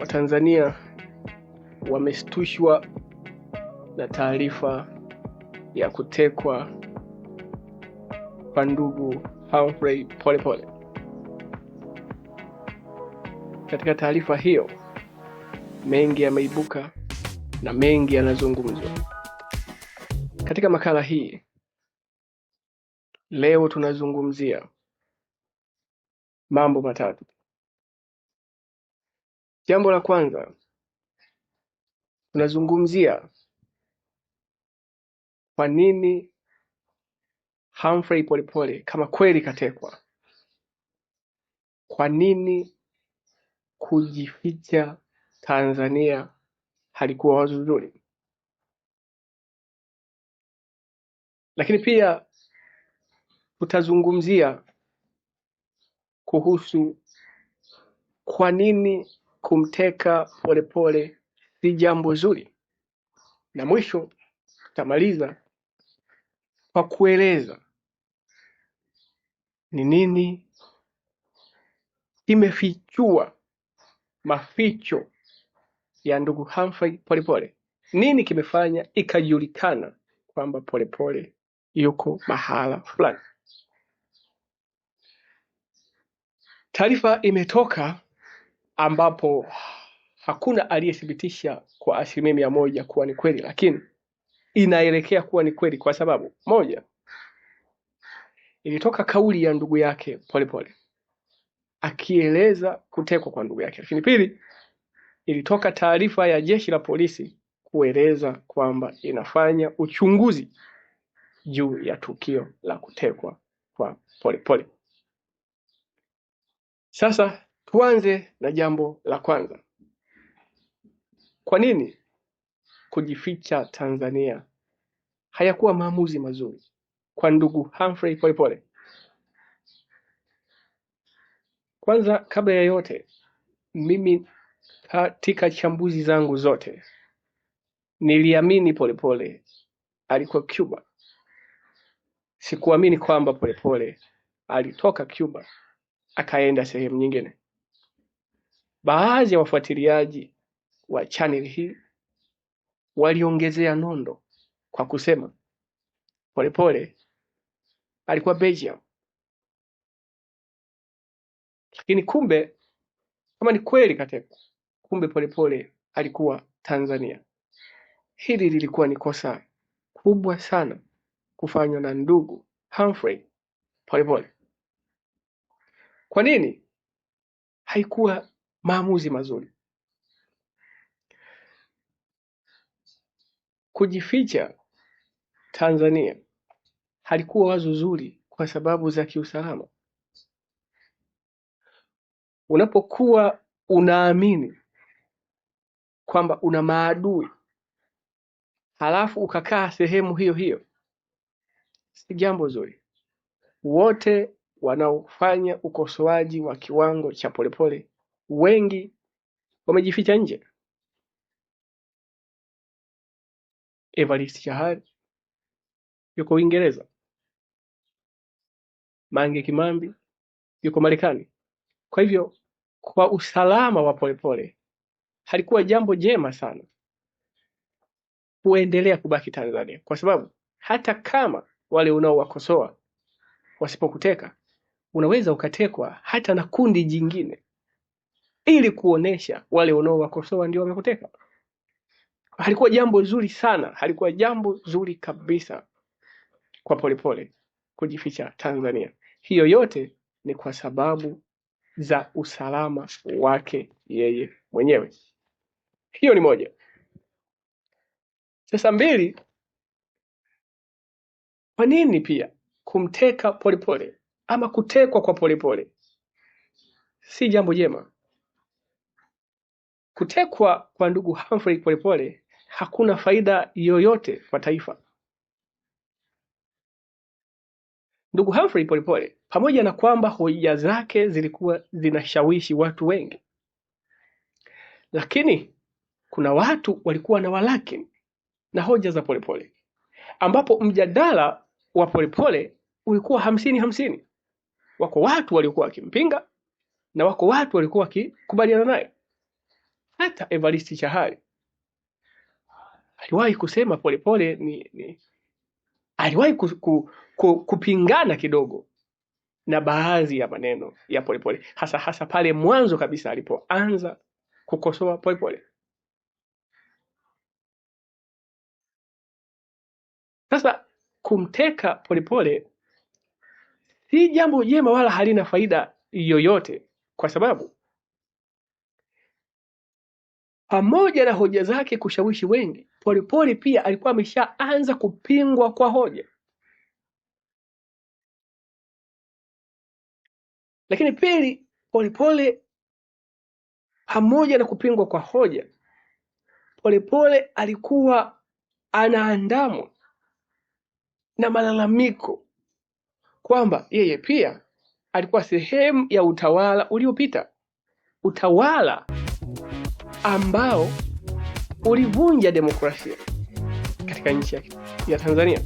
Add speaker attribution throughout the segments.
Speaker 1: Watanzania wamestushwa na taarifa ya kutekwa kwa ndugu Humphrey Polepole. Katika taarifa hiyo, mengi yameibuka na mengi yanazungumzwa. Katika makala hii leo tunazungumzia mambo matatu. Jambo la kwanza tunazungumzia kwa nini Humphrey Polepole kama kweli katekwa, kwa nini kujificha Tanzania halikuwa wazo zuri? Lakini pia tutazungumzia kuhusu kwa nini kumteka Polepole si jambo zuri na mwisho tutamaliza kwa kueleza ni nini kimefichua maficho ya ndugu Humphrey Polepole. Nini kimefanya ikajulikana kwamba Polepole yuko mahala fulani? Taarifa imetoka ambapo hakuna aliyethibitisha kwa asilimia mia moja kuwa ni kweli, lakini inaelekea kuwa ni kweli kwa sababu moja, ilitoka kauli ya ndugu yake Polepole akieleza kutekwa kwa ndugu yake, lakini pili, ilitoka taarifa ya jeshi la polisi kueleza kwamba inafanya uchunguzi juu ya tukio la kutekwa kwa Polepole. Sasa Tuanze na jambo la kwanza. Kwa nini kujificha Tanzania hayakuwa maamuzi mazuri kwa ndugu Humphrey Polepole? Kwanza kabla ya yote, mimi katika chambuzi zangu zote niliamini Polepole alikuwa Cuba. Sikuamini kwamba Polepole alitoka Cuba akaenda sehemu nyingine. Baadhi ya wafuatiliaji wa channel hii waliongezea nondo kwa kusema Polepole alikuwa Belgium, lakini kumbe kama ni kweli Katekwa, kumbe Polepole alikuwa Tanzania. Hili lilikuwa ni kosa kubwa sana kufanywa na ndugu Humphrey Polepole. Kwa nini haikuwa maamuzi mazuri. Kujificha Tanzania halikuwa wazo zuri kwa sababu za kiusalama. Unapokuwa unaamini kwamba una maadui halafu ukakaa sehemu hiyo hiyo, si jambo zuri. Wote wanaofanya ukosoaji wa kiwango cha Polepole wengi wamejificha nje Evariste Shahari yuko Uingereza Mange Kimambi yuko Marekani kwa hivyo kwa usalama wa polepole halikuwa jambo jema sana kuendelea kubaki Tanzania kwa sababu hata kama wale unaowakosoa wasipokuteka unaweza ukatekwa hata na kundi jingine ili kuonesha wale unaowakosoa ndio wamekuteka. Halikuwa jambo zuri sana, halikuwa jambo zuri kabisa kwa Polepole kujificha Tanzania. Hiyo yote ni kwa sababu za usalama wake yeye mwenyewe. Hiyo ni moja. Sasa mbili, kwa nini pia kumteka Polepole ama kutekwa kwa Polepole si jambo jema? Kutekwa kwa ndugu Humphrey Polepole hakuna faida yoyote kwa taifa. Ndugu Humphrey Polepole, pamoja na kwamba hoja zake zilikuwa zinashawishi watu wengi, lakini kuna watu walikuwa na walaki na hoja za Polepole, ambapo mjadala wa Polepole ulikuwa hamsini hamsini. Wako watu waliokuwa wakimpinga na wako watu waliokuwa wakikubaliana naye hata Evariste Chahali aliwahi kusema Polepole pole ni, ni aliwahi ku, ku, ku, kupingana kidogo na baadhi ya maneno ya Polepole pole. Hasa hasa pale mwanzo kabisa alipoanza kukosoa Polepole. Sasa kumteka Polepole pole, si jambo jema wala halina faida yoyote, kwa sababu pamoja na hoja zake kushawishi wengi, Polepole pia alikuwa ameshaanza kupingwa kwa hoja. Lakini pili, Polepole pamoja na kupingwa kwa hoja, Polepole alikuwa anaandamwa na malalamiko kwamba yeye pia alikuwa sehemu ya utawala uliopita, utawala ambao ulivunja demokrasia katika nchi ya, ya Tanzania,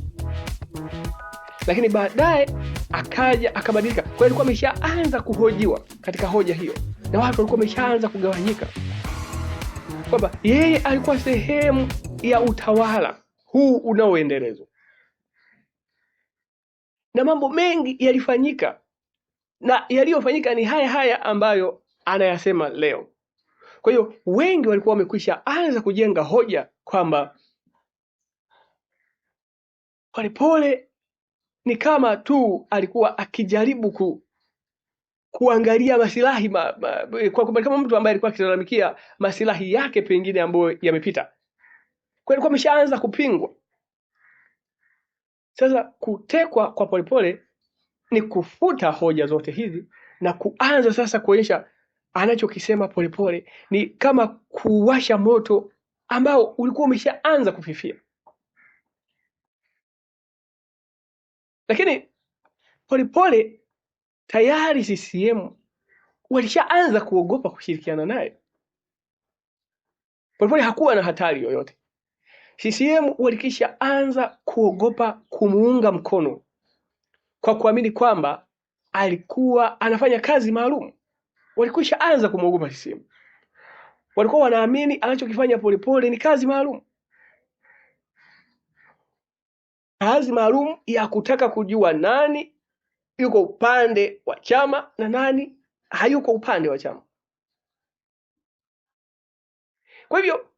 Speaker 1: lakini baadaye akaja akabadilika. Kwa hiyo alikuwa ameshaanza kuhojiwa katika hoja hiyo, na watu walikuwa wameshaanza kugawanyika kwamba yeye alikuwa sehemu ya utawala huu unaoendelezwa, na mambo mengi yalifanyika, na yaliyofanyika ni haya haya ambayo anayasema leo. Kwa hiyo wengi walikuwa wamekwisha anza kujenga hoja kwamba Polepole ni kama tu alikuwa akijaribu ku, kuangalia masilahi ma, ma, kwa kama mtu ambaye alikuwa akilalamikia masilahi yake pengine ambayo yamepita. Kwa alikuwa ameshaanza kupingwa. Sasa kutekwa kwa Polepole ni kufuta hoja zote hizi na kuanza sasa kuonyesha anachokisema Polepole ni kama kuwasha moto ambao ulikuwa umeshaanza kufifia. Lakini Polepole tayari CCM walishaanza kuogopa kushirikiana naye. Polepole hakuwa na hatari yoyote. CCM walikishaanza kuogopa kumuunga mkono kwa kuamini kwamba alikuwa anafanya kazi maalum walikwisha anza kumwogopa sisimu Walikuwa wanaamini anachokifanya Polepole ni kazi maalum, kazi maalum ya kutaka kujua nani yuko upande wa chama na nani hayuko upande wa chama. Kwa hivyo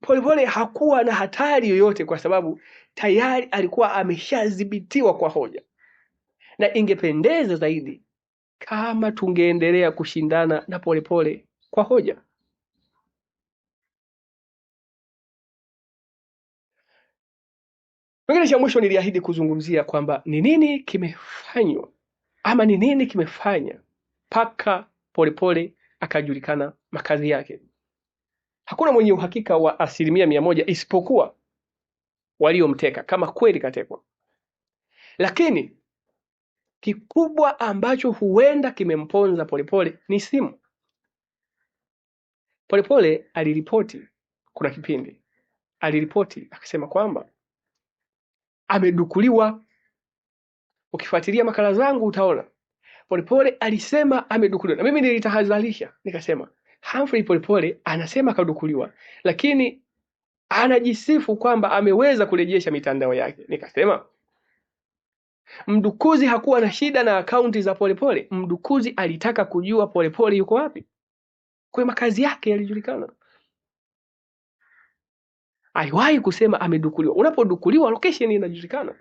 Speaker 1: Polepole hakuwa na hatari yoyote, kwa sababu tayari alikuwa ameshadhibitiwa kwa hoja, na ingependeza zaidi kama tungeendelea kushindana na Polepole kwa hoja Pengine cha mwisho niliahidi kuzungumzia kwamba ni nini kimefanywa ama ni nini kimefanya mpaka Polepole akajulikana makazi yake. Hakuna mwenye uhakika wa asilimia mia moja isipokuwa waliomteka, kama kweli katekwa. Lakini Kikubwa ambacho huenda kimemponza Polepole ni simu. Polepole aliripoti, kuna kipindi aliripoti akisema kwamba amedukuliwa. Ukifuatilia makala zangu utaona Polepole alisema amedukuliwa, na mimi nilitahadharisha nikasema, Humphrey Polepole anasema kadukuliwa, lakini anajisifu kwamba ameweza kurejesha mitandao yake. Nikasema Mdukuzi hakuwa na shida na akaunti za Polepole. Mdukuzi alitaka kujua Polepole yuko wapi, kwa makazi yake yalijulikana. Aliwahi kusema amedukuliwa. Unapodukuliwa location inajulikana,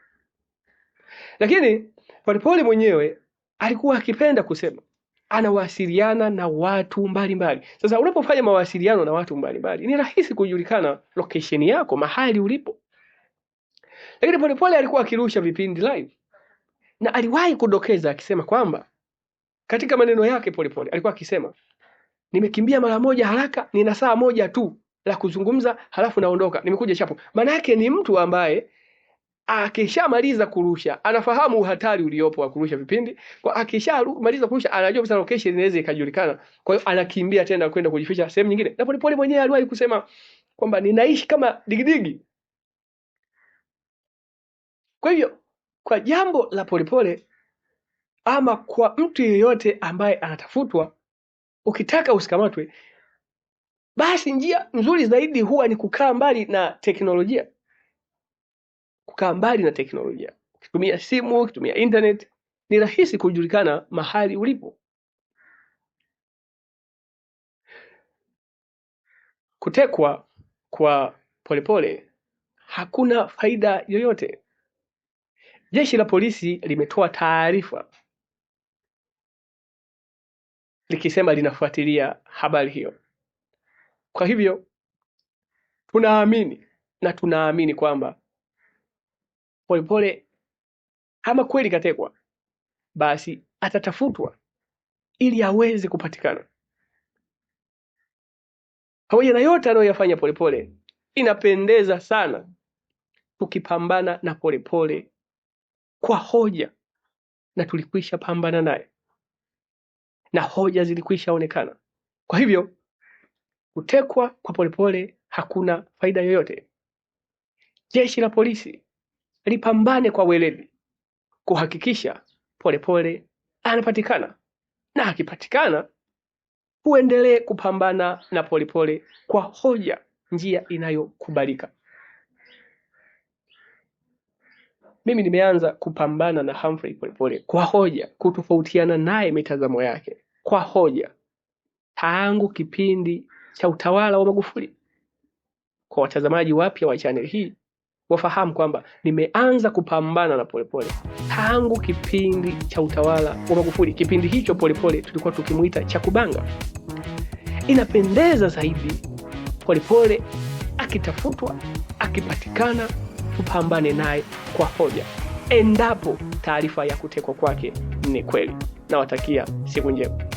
Speaker 1: lakini Polepole mwenyewe alikuwa akipenda kusema anawasiliana na watu mbalimbali. mbali. Sasa unapofanya mawasiliano na watu mbalimbali, mbali, ni rahisi kujulikana location yako, mahali ulipo. Lakini Polepole alikuwa akirusha vipindi live na aliwahi kudokeza akisema kwamba katika maneno yake Polepole alikuwa akisema, nimekimbia mara moja haraka, nina saa moja tu la kuzungumza, halafu naondoka, nimekuja chapo. Maana yake ni mtu ambaye akishamaliza kurusha anafahamu uhatari uliopo wa kurusha vipindi, kwa akishamaliza kurusha anajua sasa location inaweza ikajulikana, kwa hiyo anakimbia tena kwenda kujificha sehemu nyingine. Na Polepole mwenyewe aliwahi kusema kwamba ninaishi kama digidigi. Kwa hivyo kwa jambo la Polepole ama kwa mtu yeyote ambaye anatafutwa, ukitaka usikamatwe, basi njia nzuri zaidi huwa ni kukaa mbali na teknolojia, kukaa mbali na teknolojia. Ukitumia simu, ukitumia internet, ni rahisi kujulikana mahali ulipo. Kutekwa kwa Polepole hakuna faida yoyote. Jeshi la Polisi limetoa taarifa likisema linafuatilia habari hiyo. Kwa hivyo tunaamini na tunaamini kwamba Polepole kama kweli katekwa, basi atatafutwa ili aweze kupatikana. Pamoja na yote anayoyafanya Polepole, inapendeza sana tukipambana na Polepole kwa hoja na tulikwisha pambana naye na hoja zilikwisha onekana. Kwa hivyo kutekwa kwa Polepole hakuna faida yoyote. Jeshi la polisi lipambane kwa weledi kuhakikisha Polepole anapatikana, na akipatikana uendelee kupambana na Polepole kwa hoja, njia inayokubalika. mimi nimeanza kupambana na Humphrey Polepole kwa hoja, kutofautiana naye mitazamo yake kwa hoja tangu kipindi cha utawala wa Magufuli. Kwa watazamaji wapya wa channel hii wafahamu kwamba nimeanza kupambana na Polepole tangu kipindi cha utawala wa Magufuli. Kipindi hicho Polepole tulikuwa tukimwita cha kubanga. Inapendeza zaidi Polepole akitafutwa, akipatikana tupambane naye kwa hoja, endapo taarifa ya kutekwa kwake ni kweli. Nawatakia siku njema.